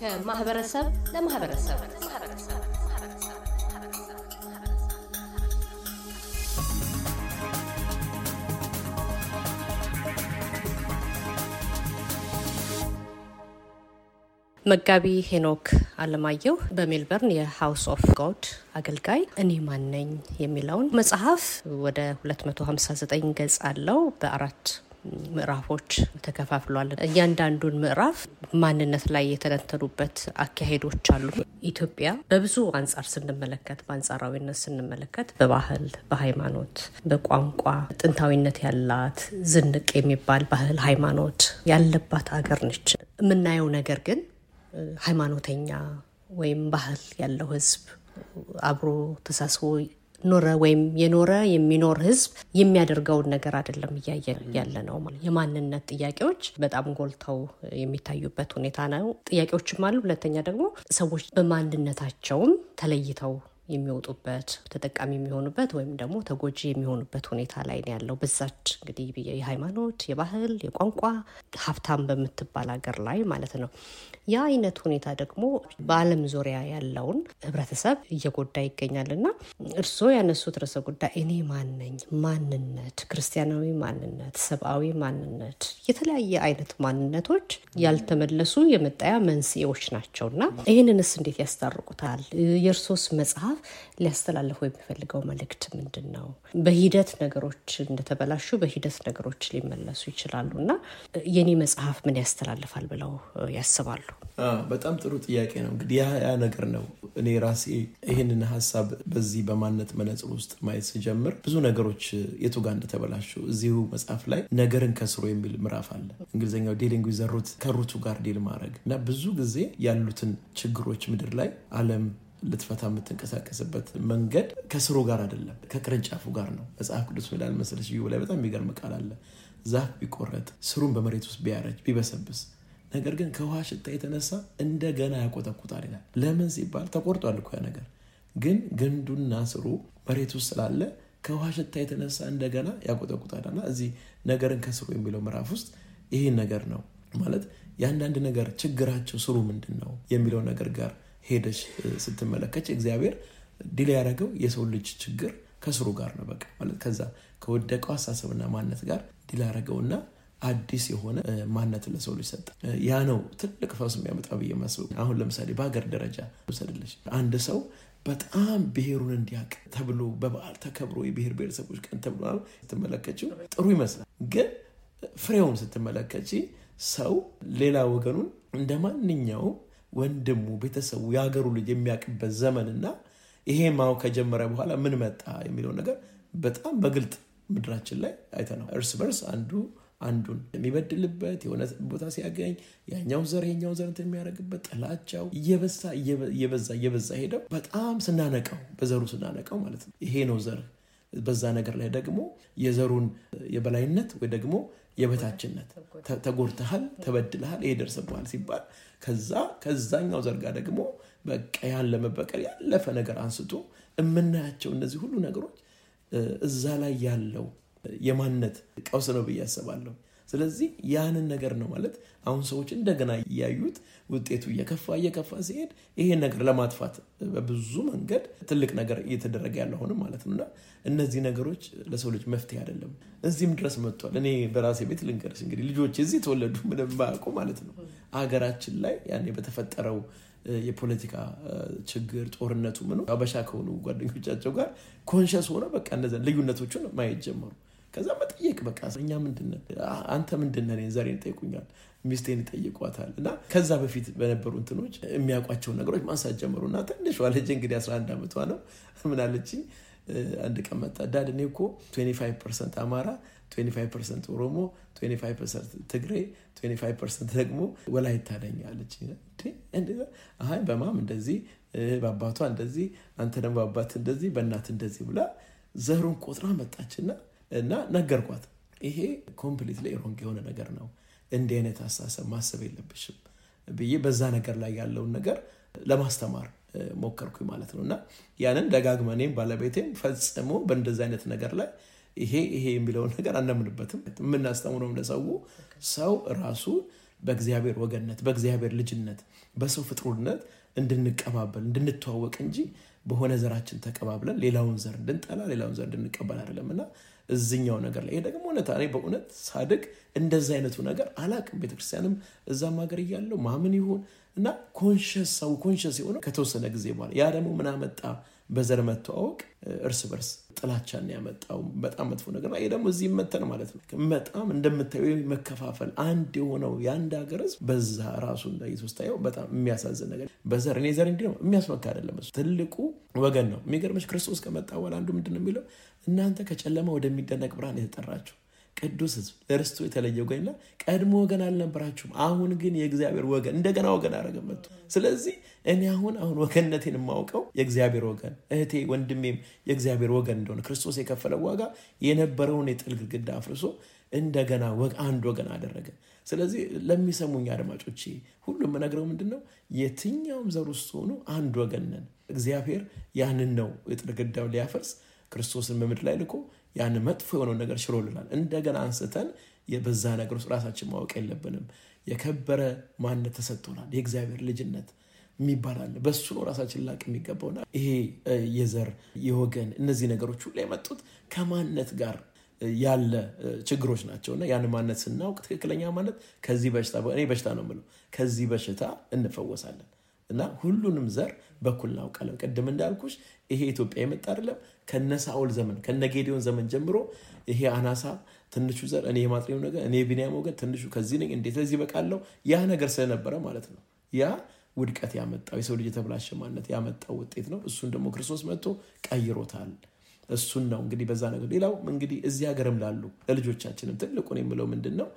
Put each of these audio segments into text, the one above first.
ከማህበረሰብ ለማህበረሰብ መጋቢ ሄኖክ አለማየሁ በሜልበርን የሃውስ ኦፍ ጎድ አገልጋይ እኔ ማነኝ የሚለውን መጽሐፍ ወደ 259 ገጽ አለው በአራት ምዕራፎች ተከፋፍሏል። እያንዳንዱን ምዕራፍ ማንነት ላይ የተነተኑበት አካሄዶች አሉ። ኢትዮጵያ በብዙ አንጻር ስንመለከት፣ በአንጻራዊነት ስንመለከት፣ በባህል በሃይማኖት፣ በቋንቋ ጥንታዊነት ያላት ዝንቅ የሚባል ባህል ሃይማኖት ያለባት አገር ነች። የምናየው ነገር ግን ሃይማኖተኛ ወይም ባህል ያለው ህዝብ አብሮ ተሳስቦ ኖረ ወይም የኖረ የሚኖር ህዝብ የሚያደርገውን ነገር አይደለም እያየ ያለ ነው። የማንነት ጥያቄዎች በጣም ጎልተው የሚታዩበት ሁኔታ ነው። ጥያቄዎችም አሉ። ሁለተኛ ደግሞ ሰዎች በማንነታቸውም ተለይተው የሚወጡበት ተጠቃሚ የሚሆኑበት ወይም ደግሞ ተጎጂ የሚሆኑበት ሁኔታ ላይ ያለው። በዛች እንግዲህ የሃይማኖት፣ የባህል፣ የቋንቋ ሀብታም በምትባል ሀገር ላይ ማለት ነው። ያ አይነት ሁኔታ ደግሞ በአለም ዙሪያ ያለውን ህብረተሰብ እየጎዳ ይገኛል እና እርስዎ ያነሱት ርዕሰ ጉዳይ እኔ ማነኝ ማንነት፣ ክርስቲያናዊ ማንነት፣ ሰብአዊ ማንነት፣ የተለያየ አይነት ማንነቶች ያልተመለሱ የመጣያ መንስኤዎች ናቸው እና ይህንንስ እንዴት ያስታርቁታል? የእርሶስ መጽሐፍ መጽሐፍ ሊያስተላልፉ የሚፈልገው መልእክት ምንድን ነው? በሂደት ነገሮች እንደተበላሹ በሂደት ነገሮች ሊመለሱ ይችላሉ እና የኔ መጽሐፍ ምን ያስተላልፋል ብለው ያስባሉ? በጣም ጥሩ ጥያቄ ነው። እንግዲህ ያ ነገር ነው እኔ ራሴ ይህንን ሀሳብ በዚህ በማንነት መነጽር ውስጥ ማየት ስጀምር ብዙ ነገሮች የቱ ጋር እንደተበላሹ እዚሁ መጽሐፍ ላይ ነገርን ከስሮ የሚል ምዕራፍ አለ። እንግሊዝኛው ዴሊንግ ዘሩት ከሩቱ ጋር ዴል ማድረግ እና ብዙ ጊዜ ያሉትን ችግሮች ምድር ላይ አለም ልትፈታ የምትንቀሳቀስበት መንገድ ከስሩ ጋር አይደለም፣ ከቅርንጫፉ ጋር ነው። መጽሐፍ ቅዱስ ምላል መሰለሽ እዩ ላይ በጣም የሚገርም ቃል አለ። ዛፍ ቢቆረጥ ስሩን በመሬት ውስጥ ቢያረጅ ቢበሰብስ፣ ነገር ግን ከውሃ ሽታ የተነሳ እንደገና ያቆጠቁጣል ይላል። ለምን ሲባል ተቆርጧል እኮ ያ ነገር፣ ግን ግንዱና ስሩ መሬት ውስጥ ስላለ ከውሃ ሽታ የተነሳ እንደገና ያቆጠቁጣል እና እዚህ ነገርን ከስሩ የሚለው ምዕራፍ ውስጥ ይህን ነገር ነው ማለት የአንዳንድ ነገር ችግራቸው ስሩ ምንድን ነው የሚለው ነገር ጋር ሄደች ስትመለከች እግዚአብሔር ዲል ያደረገው የሰው ልጅ ችግር ከስሩ ጋር ነው። በቃ ማለት ከዛ ከወደቀው አስተሳሰብና ማነት ጋር ድል ያደረገውና አዲስ የሆነ ማነት ለሰው ልጅ ሰጠ። ያ ነው ትልቅ ፈውስ የሚያመጣ ብዬ ማስበው። አሁን ለምሳሌ በሀገር ደረጃ ውሰድልሽ አንድ ሰው በጣም ብሔሩን እንዲያውቅ ተብሎ በበዓል ተከብሮ የብሔር ብሔረሰቦች ቀን ተብሎ ስትመለከችው ጥሩ ይመስላል። ግን ፍሬውን ስትመለከች ሰው ሌላ ወገኑን እንደ ማንኛውም ወንድሙ፣ ቤተሰቡ፣ የሀገሩ ልጅ የሚያውቅበት ዘመን እና ይሄ ማው ከጀመረ በኋላ ምን መጣ የሚለው ነገር በጣም በግልጥ ምድራችን ላይ አይተነው እርስ በርስ አንዱ አንዱን የሚበድልበት የሆነ ቦታ ሲያገኝ ያኛው ዘር የኛው ዘር እንትን የሚያደርግበት ጥላቻው እየበዛ እየበዛ እየበዛ ሄደው በጣም ስናነቀው በዘሩ ስናነቀው ማለት ነው። ይሄ ነው ዘር። በዛ ነገር ላይ ደግሞ የዘሩን የበላይነት ወይ ደግሞ የበታችነት ተጎድተሃል፣ ተበድልሃል፣ ይሄ ደርስብሃል ሲባል ከዛ ከዛኛው ዘርጋ ደግሞ በቃ ያን ለመበቀል ያለፈ ነገር አንስቶ የምናያቸው እነዚህ ሁሉ ነገሮች እዛ ላይ ያለው የማንነት ቀውስ ነው ብዬ አስባለሁ። ስለዚህ ያንን ነገር ነው ማለት አሁን ሰዎች እንደገና እያዩት ውጤቱ እየከፋ እየከፋ ሲሄድ ይሄን ነገር ለማጥፋት በብዙ መንገድ ትልቅ ነገር እየተደረገ ያለ አሁንም ማለት ነው። እና እነዚህ ነገሮች ለሰው ልጅ መፍትሄ አይደለም፣ እዚህም ድረስ መጥቷል። እኔ በራሴ ቤት ልንገርሽ እንግዲህ ልጆች እዚህ ተወለዱ ምንም ባያውቁ ማለት ነው አገራችን ላይ ያኔ በተፈጠረው የፖለቲካ ችግር ጦርነቱ ምኑ አበሻ ከሆኑ ጓደኞቻቸው ጋር ኮንሸስ ሆነ በቃ እነዚያን ልዩነቶቹን ማየት ጀመሩ። ከዛ መጠየቅ በቃ እኛ ምንድነን አንተ ምንድነን ዘሬን ጠይቁኛል ሚስቴን ይጠይቋታል እና ከዛ በፊት በነበሩ እንትኖች የሚያውቋቸውን ነገሮች ማንሳት ጀመሩ እና ትንሿ ልጅ እንግዲህ 11 ዓመቷ ነው ምናለች አንድ ቀን መጣ ዳድ እኔ እኮ 25 ፐርሰንት አማራ 25 ፐርሰንት ኦሮሞ 25 ፐርሰንት ትግሬ 25 ፐርሰንት ደግሞ ወላይታ ነኝ አለች አይ በማም እንደዚህ በአባቷ እንደዚህ አንተ ደግሞ በአባት እንደዚህ በእናት እንደዚህ ብላ ዘሩን ቆጥራ መጣችና እና ነገርኳት። ይሄ ላይ ሮንግ የሆነ ነገር ነው፣ እንዲህ አይነት አስተሳሰብ ማሰብ የለብሽም ብዬ በዛ ነገር ላይ ያለውን ነገር ለማስተማር ሞከርኩኝ ማለት ነው። እና ያንን ደጋግመኔም እኔም ባለቤቴም ፈጽሞ በእንደዚ አይነት ነገር ላይ ይሄ ይሄ የሚለውን ነገር አናምንበትም። የምናስተምረውም ለሰው ሰው ራሱ በእግዚአብሔር ወገንነት፣ በእግዚአብሔር ልጅነት፣ በሰው ፍጥሩነት እንድንቀባበል እንድንተዋወቅ እንጂ በሆነ ዘራችን ተቀባብለን ሌላውን ዘር እንድንጠላ ሌላውን ዘር እንድንቀበል አይደለም እና እዝኛው ነገር ላይ ይሄ ደግሞ እውነት እኔ በእውነት ሳድግ እንደዚ አይነቱ ነገር አላቅም ቤተክርስቲያንም እዛም ሀገር እያለው ማምን ይሁን እና ኮንሽስ ሰው ኮንሽስ የሆነ ከተወሰነ ጊዜ በኋላ ያ ደግሞ ምን አመጣ በዘር መተዋወቅ እርስ በርስ ጥላቻን ያመጣው በጣም መጥፎ ነገር ይሄ ደግሞ እዚህ መተን ማለት ነው በጣም እንደምታየ መከፋፈል አንድ የሆነው የአንድ ሀገር ህዝብ በዛ ራሱ ለይቶ ስታየው በጣም የሚያሳዝን ነገር በዘር እኔ ዘር እንዲ ነው የሚያስመካ አይደለም ትልቁ ወገን ነው የሚገርመች ክርስቶስ ከመጣ በኋላ አንዱ ምንድን ነው የሚለው እናንተ ከጨለማ ወደሚደነቅ ብርሃን የተጠራችሁ ቅዱስ ህዝብ ለርስቱ የተለየ ወገን ቀድሞ ወገን አልነበራችሁም፣ አሁን ግን የእግዚአብሔር ወገን እንደገና ወገን መጡ ስለዚህ እኔ አሁን አሁን ወገንነቴን የማውቀው የእግዚአብሔር ወገን እህቴ ወንድሜም የእግዚአብሔር ወገን እንደሆነ ክርስቶስ የከፈለው ዋጋ የነበረውን የጥል ግድግዳ አፍርሶ እንደገና አንድ ወገን አደረገ። ስለዚህ ለሚሰሙኝ አድማጮች ሁሉም ነግረው ምንድን ነው? የትኛውም ዘር ውስጥ ሆኑ አንድ ወገን ነን። እግዚአብሔር ያንን ነው የጥል ሊያፈርስ ክርስቶስን በምድር ላይ ልኮ ያን መጥፎ የሆነው ነገር ሽሮልናል። እንደገና አንስተን በዛ ነገር ውስጥ ራሳችን ማወቅ የለብንም። የከበረ ማንነት ተሰጥቶናል። የእግዚአብሔር ልጅነት የሚባላለ በሱ ነው ራሳችን ላቅ የሚገባውና ይሄ የዘር የወገን እነዚህ ነገሮች ሁሉ የመጡት ከማንነት ጋር ያለ ችግሮች ናቸው እና ያን ማነት ስናውቅ ትክክለኛ ማነት ከዚህ በሽታ እኔ በሽታ ነው የምለው ከዚህ በሽታ እንፈወሳለን እና ሁሉንም ዘር በኩል እናውቃለን። ቅድም እንዳልኩሽ ይሄ ኢትዮጵያ የመጣ አይደለም ከነ ሳኦል ዘመን ከነ ጌዲዮን ዘመን ጀምሮ ይሄ አናሳ ትንሹ ዘር እኔ የማጥሬው ነገር እኔ ቢንያም ወገን ትንሹ ከዚህ ነኝ እንዴት ለዚህ በቃለው ያ ነገር ስለነበረ ማለት ነው ያ ውድቀት ያመጣው የሰው ልጅ የተብላሸ ማነት ያመጣው ውጤት ነው እሱን ደግሞ ክርስቶስ መጥቶ ቀይሮታል እሱን ነው እንግዲህ በዛ ነገር ሌላው እንግዲህ እዚህ ሀገርም ላሉ ለልጆቻችንም ትልቁን የምለው ምንድን ነው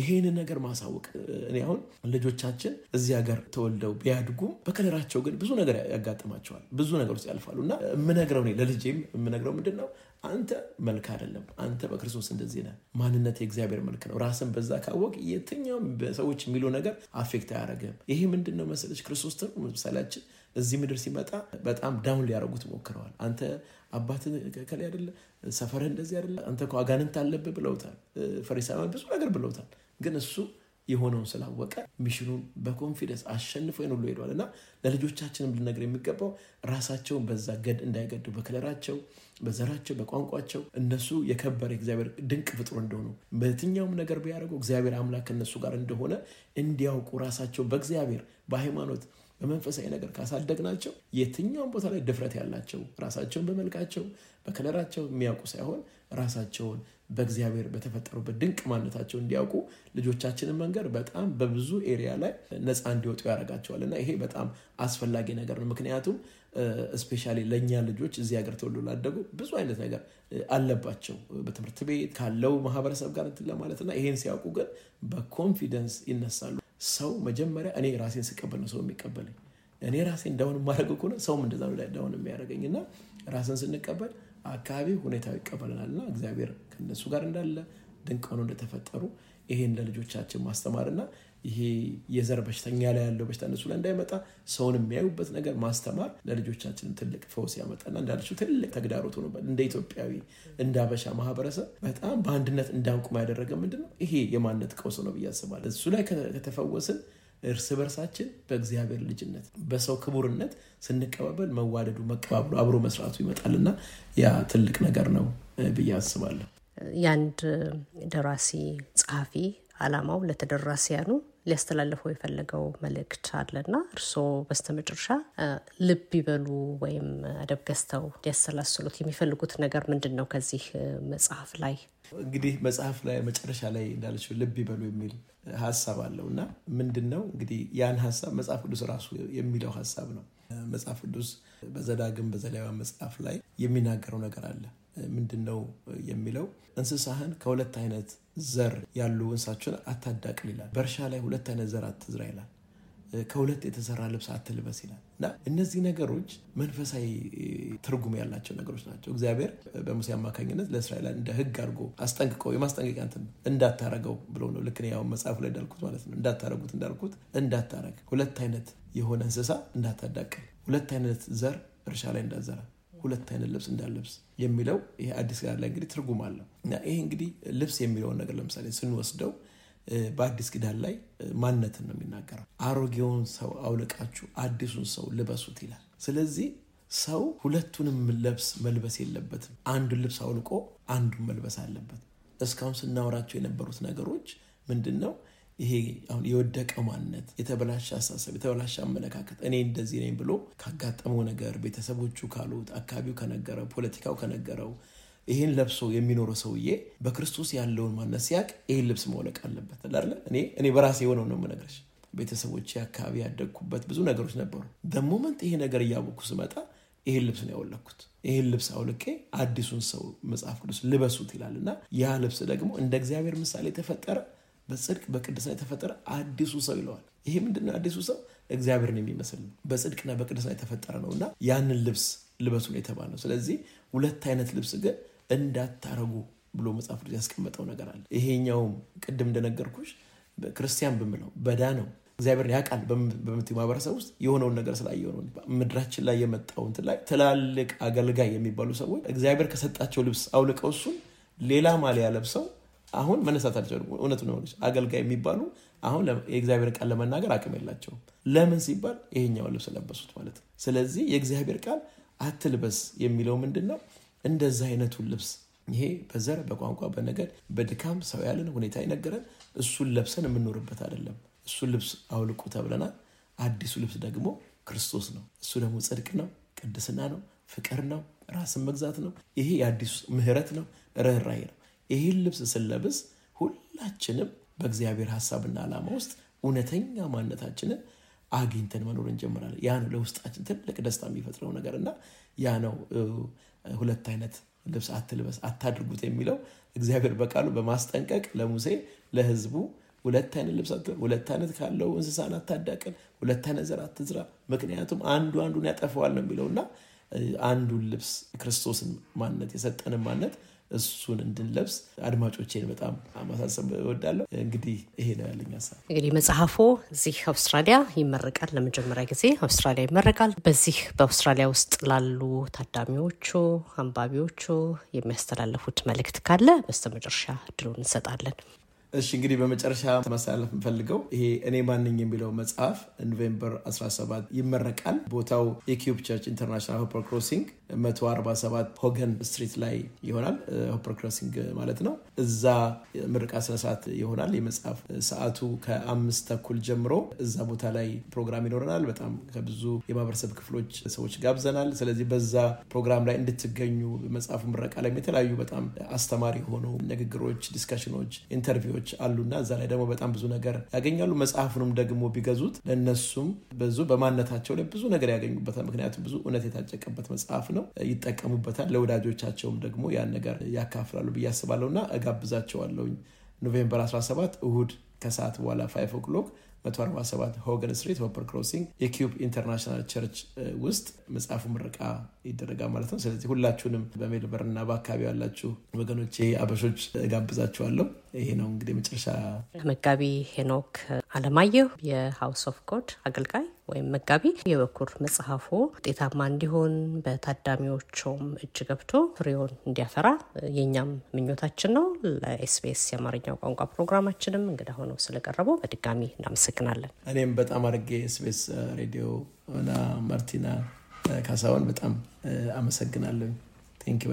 ይሄን ነገር ማሳወቅ እኔ አሁን ልጆቻችን እዚህ ሀገር ተወልደው ቢያድጉም በከለራቸው ግን ብዙ ነገር ያጋጥማቸዋል፣ ብዙ ነገር ውስጥ ያልፋሉ እና የምነግረው ለልጄም የምነግረው ምንድን ነው አንተ መልክ አይደለም፣ አንተ በክርስቶስ እንደዚህ ነህ። ማንነት የእግዚአብሔር መልክ ነው። ራስን በዛ ካወቅ የትኛውም ሰዎች የሚሉ ነገር አፌክት አያደርግም። ይሄ ምንድን ነው መሰለች ክርስቶስ ምሳሌያችን እዚህ ምድር ሲመጣ በጣም ዳውን ሊያደርጉት ሞክረዋል። አንተ አባት ከላይ አይደለ፣ ሰፈርህ እንደዚህ አይደለ፣ አንተ አጋንንት አለብህ ብለውታል። ፈሪሳውያን ብዙ ነገር ብለውታል። ግን እሱ የሆነውን ስላወቀ ሚሽኑን በኮንፊደንስ አሸንፎ ይን ሁሉ ሄደዋል እና ለልጆቻችንም ልነገር የሚገባው ራሳቸውን በዛ ገድ እንዳይገዱ በክለራቸው፣ በዘራቸው፣ በቋንቋቸው እነሱ የከበረ እግዚአብሔር ድንቅ ፍጡር እንደሆኑ በየትኛውም ነገር ቢያደርገው እግዚአብሔር አምላክ ከእነሱ ጋር እንደሆነ እንዲያውቁ ራሳቸው በእግዚአብሔር በሃይማኖት በመንፈሳዊ ነገር ካሳደግናቸው የትኛውም ቦታ ላይ ድፍረት ያላቸው ራሳቸውን በመልካቸው በከለራቸው የሚያውቁ ሳይሆን ራሳቸውን በእግዚአብሔር በተፈጠሩበት ድንቅ ማነታቸው እንዲያውቁ ልጆቻችንን መንገድ በጣም በብዙ ኤሪያ ላይ ነፃ እንዲወጡ ያደርጋቸዋል እና ይሄ በጣም አስፈላጊ ነገር ነው። ምክንያቱም ስፔሻ ለእኛ ልጆች እዚህ ሀገር ተወሎ ላደጉ ብዙ አይነት ነገር አለባቸው በትምህርት ቤት ካለው ማህበረሰብ ጋር እንትን ለማለት እና ይሄን ሲያውቁ ግን በኮንፊደንስ ይነሳሉ። ሰው መጀመሪያ እኔ ራሴን ስቀበል ነው ሰው የሚቀበለኝ። እኔ ራሴን ዳውን የማደርገው ከሆነ ሰውም እንደዛ ዳውን የሚያደርገኝ እና ራስን ስንቀበል አካባቢ ሁኔታ ይቀበለናል እና እግዚአብሔር ከነሱ ጋር እንዳለ ድንቅ ሆኖ እንደተፈጠሩ ይሄን ለልጆቻችን ማስተማርና ይሄ የዘር በሽተኛ ላይ ያለው በሽታ እነሱ ላይ እንዳይመጣ ሰውን የሚያዩበት ነገር ማስተማር ለልጆቻችንም ትልቅ ፈውስ ያመጣና እንዳለችው ትልቅ ተግዳሮት ሆኖበት እንደ ኢትዮጵያዊ እንዳበሻ ማህበረሰብ በጣም በአንድነት እንዳንቁም ያደረገ ምንድነው ይሄ የማንነት ቀውስ ነው ብዬ እሱ ላይ ከተፈወስን እርስ በርሳችን በእግዚአብሔር ልጅነት በሰው ክቡርነት ስንቀባበል መዋደዱ መቀባበሉ አብሮ መስራቱ ይመጣልና ያ ትልቅ ነገር ነው ብዬ አስባለሁ። የአንድ ደራሲ ጸሐፊ አላማው ለተደራሲያኑ ሊያስተላልፈው የፈለገው መልእክት አለና እርስዎ በስተመጨረሻ ልብ ይበሉ ወይም አደብ ገዝተው ሊያሰላስሉት የሚፈልጉት ነገር ምንድን ነው? ከዚህ መጽሐፍ ላይ እንግዲህ መጽሐፍ ላይ መጨረሻ ላይ እንዳለችው ልብ ይበሉ የሚል ሀሳብ አለው እና ምንድን ነው እንግዲህ ያን ሀሳብ መጽሐፍ ቅዱስ ራሱ የሚለው ሀሳብ ነው። መጽሐፍ ቅዱስ በዘዳግም በዘሌዋውያን መጽሐፍ ላይ የሚናገረው ነገር አለ። ምንድን ነው የሚለው? እንስሳህን ከሁለት አይነት ዘር ያሉ እንስሳችን አታዳቅል ይላል። በእርሻ ላይ ሁለት አይነት ዘር አትዝራ ይላል። ከሁለት የተሰራ ልብስ አትልበስ ይላል እና እነዚህ ነገሮች መንፈሳዊ ትርጉም ያላቸው ነገሮች ናቸው። እግዚአብሔር በሙሴ አማካኝነት ለእስራኤል እንደ ሕግ አድርጎ አስጠንቅቀው የማስጠንቀቂያ እንትን እንዳታረገው ብሎ ነው። ልክ ያው መጽሐፉ ላይ እንዳልኩት ማለት ነው እንዳታረጉት እንዳልኩት እንዳታረግ፣ ሁለት አይነት የሆነ እንስሳ እንዳታዳቅል፣ ሁለት አይነት ዘር እርሻ ላይ እንዳዘራ፣ ሁለት አይነት ልብስ እንዳልለብስ የሚለው ይሄ አዲስ ጋር ላይ እንግዲህ ትርጉም አለው እና ይሄ እንግዲህ ልብስ የሚለውን ነገር ለምሳሌ ስንወስደው በአዲስ ኪዳን ላይ ማንነትን ነው የሚናገረው። አሮጌውን ሰው አውልቃችሁ አዲሱን ሰው ልበሱት ይላል። ስለዚህ ሰው ሁለቱንም ልብስ መልበስ የለበትም። አንዱን ልብስ አውልቆ አንዱን መልበስ አለበት። እስካሁን ስናወራቸው የነበሩት ነገሮች ምንድን ነው? ይሄ አሁን የወደቀ ማንነት፣ የተበላሸ አሳሰብ፣ የተበላሸ አመለካከት እኔ እንደዚህ ነኝ ብሎ ካጋጠመው ነገር ቤተሰቦቹ ካሉት፣ አካባቢው ከነገረው፣ ፖለቲካው ከነገረው፣ ይህን ለብሶ የሚኖረ ሰውዬ በክርስቶስ ያለውን ማነት ሲያቅ ይህን ልብስ መውለቅ አለበት አለ እኔ እኔ በራሴ የሆነው ነው የምነግርሽ። ቤተሰቦቼ አካባቢ ያደግኩበት ብዙ ነገሮች ነበሩ። ደሞመንት ይሄ ነገር እያወቅኩ ስመጣ ይህን ልብስ ነው ያወለኩት። ይህን ልብስ አውልቄ አዲሱን ሰው መጽሐፍ ቅዱስ ልበሱት ይላል እና ያ ልብስ ደግሞ እንደ እግዚአብሔር ምሳሌ የተፈጠረ በጽድቅ በቅድስና የተፈጠረ አዲሱ ሰው ይለዋል። ይሄ ምንድን አዲሱ ሰው እግዚአብሔርን የሚመስል ነው። በጽድቅና በቅድስና የተፈጠረ ነው እና ያንን ልብስ ልበሱን የተባለው። ስለዚህ ሁለት አይነት ልብስ ግን እንዳታረጉ ብሎ መጽሐፍ ቅዱስ ያስቀመጠው ነገር አለ። ይሄኛውም ቅድም እንደነገርኩሽ ክርስቲያን ብምለው በዳ ነው እግዚአብሔርን ያውቃል በምትይው ማህበረሰብ ውስጥ የሆነውን ነገር ስላየው ነው። ምድራችን ላይ የመጣው እንትን ላይ ትላልቅ አገልጋይ የሚባሉ ሰዎች እግዚአብሔር ከሰጣቸው ልብስ አውልቀው እሱን ሌላ ማሊያ ለብሰው አሁን መነሳት አልቻሉም። እውነት ነው። አገልጋይ የሚባሉ አሁን የእግዚአብሔር ቃል ለመናገር አቅም የላቸው። ለምን ሲባል ይሄኛውን ልብስ ለበሱት ማለት ነው። ስለዚህ የእግዚአብሔር ቃል አትልበስ የሚለው ምንድን ነው? እንደዛ አይነቱን ልብስ ይሄ በዘር በቋንቋ በነገድ በድካም ሰው ያለን ሁኔታ ይነገረን እሱን ለብሰን የምንኖርበት አይደለም። እሱን ልብስ አውልቁ ተብለናል። አዲሱ ልብስ ደግሞ ክርስቶስ ነው። እሱ ደግሞ ጽድቅ ነው፣ ቅድስና ነው፣ ፍቅር ነው፣ ራስን መግዛት ነው። ይሄ የአዲሱ ምህረት ነው፣ ረኅራይ ነው። ይህን ልብስ ስንለብስ ሁላችንም በእግዚአብሔር ሀሳብና ዓላማ ውስጥ እውነተኛ ማንነታችንን አግኝተን መኖር እንጀምራለን። ያ ነው ለውስጣችን ትልቅ ደስታ የሚፈጥረው ነገር እና ያ ነው ሁለት አይነት ልብስ አትልበስ አታድርጉት የሚለው እግዚአብሔር በቃሉ በማስጠንቀቅ ለሙሴ ለህዝቡ ሁለት አይነት ልብስ ሁለት አይነት ካለው እንስሳን አታዳቅል፣ ሁለት አይነት ዘር አትዝራ፣ ምክንያቱም አንዱ አንዱን ያጠፈዋል ነው የሚለው እና አንዱን ልብስ ክርስቶስን ማነት የሰጠንን ማነት እሱን እንድንለብስ አድማጮቼን በጣም ማሳሰብ እወዳለሁ። እንግዲህ ይሄ ነው ያለኝ ሀሳብ። እንግዲህ መጽሐፉ እዚህ አውስትራሊያ ይመረቃል፣ ለመጀመሪያ ጊዜ አውስትራሊያ ይመረቃል። በዚህ በአውስትራሊያ ውስጥ ላሉ ታዳሚዎቹ፣ አንባቢዎቹ የሚያስተላለፉት መልእክት ካለ በስተመጨረሻ እድሉን እንሰጣለን። እሺ እንግዲህ በመጨረሻ ማስተላለፍ የምፈልገው ይሄ እኔ ማንኝ የሚለው መጽሐፍ ኖቬምበር 17 ይመረቃል። ቦታው የኪዩብ ቸርች ኢንተርናሽናል ሆፐር ክሮሲንግ 147 ሆገን ስትሪት ላይ ይሆናል። ሆፐር ክሮሲንግ ማለት ነው። እዛ ምርቃ ስነስርዓት ይሆናል። የመጽሐፍ ሰዓቱ ከአምስት ተኩል ጀምሮ እዛ ቦታ ላይ ፕሮግራም ይኖረናል። በጣም ከብዙ የማህበረሰብ ክፍሎች ሰዎች ጋብዘናል። ስለዚህ በዛ ፕሮግራም ላይ እንድትገኙ መጽሐፉ ምረቃ ላይ የተለያዩ በጣም አስተማሪ የሆኑ ንግግሮች፣ ዲስካሽኖች፣ ኢንተርቪዎች ነገሮች አሉና እዛ ላይ ደግሞ በጣም ብዙ ነገር ያገኛሉ። መጽሐፉንም ደግሞ ቢገዙት ለነሱም ብዙ በማንነታቸው ላይ ብዙ ነገር ያገኙበታል። ምክንያቱም ብዙ እውነት የታጨቀበት መጽሐፍ ነው፣ ይጠቀሙበታል። ለወዳጆቻቸውም ደግሞ ያን ነገር ያካፍላሉ ብዬ አስባለሁና እጋብዛቸዋለሁኝ። ኖቬምበር 17 እሁድ ከሰዓት በኋላ ፋይቭ ኦክሎክ 147 ሆገን ስትሪት ሆፐር ክሮሲንግ የኪዩብ ኢንተርናሽናል ቸርች ውስጥ መጽሐፉ ምረቃ ይደረጋል ማለት ነው። ስለዚህ ሁላችሁንም በሜልበርን እና በአካባቢ ያላችሁ ወገኖቼ አበሾች እጋብዛችኋለሁ። ይሄ ነው እንግዲህ መጨረሻ መጋቢ ሄኖክ አለማየሁ የሃውስ ኦፍ ጎድ አገልጋይ ወይም መጋቢ የበኩር መጽሐፎ ውጤታማ እንዲሆን በታዳሚዎቹም እጅ ገብቶ ፍሬውን እንዲያፈራ የእኛም ምኞታችን ነው። ለኤስቢኤስ የአማርኛው ቋንቋ ፕሮግራማችንም እንግዳ ሆነው ስለቀረቡ በድጋሚ እናመሰግናለን። እኔም በጣም አድርጌ ኤስቢኤስ ሬዲዮ እና ማርቲና ካሳሁን በጣም አመሰግናለሁ። ቴንኪው።